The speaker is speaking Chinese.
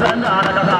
真的啊。